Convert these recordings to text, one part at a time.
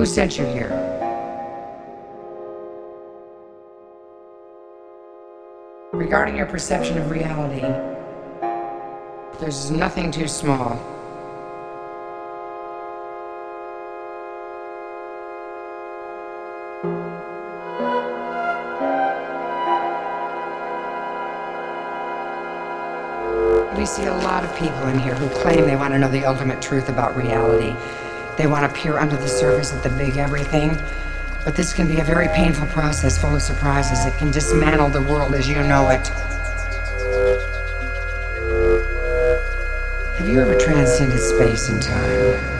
Who sent you here? Regarding your perception of reality, there's nothing too small. We see a lot of people in here who claim they want to know the ultimate truth about reality. They want to peer under the surface at the big everything. But this can be a very painful process full of surprises. It can dismantle the world as you know it. Have you ever transcended space and time?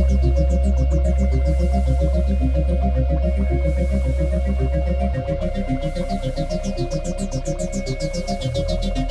ちょちょちょちょちょちょ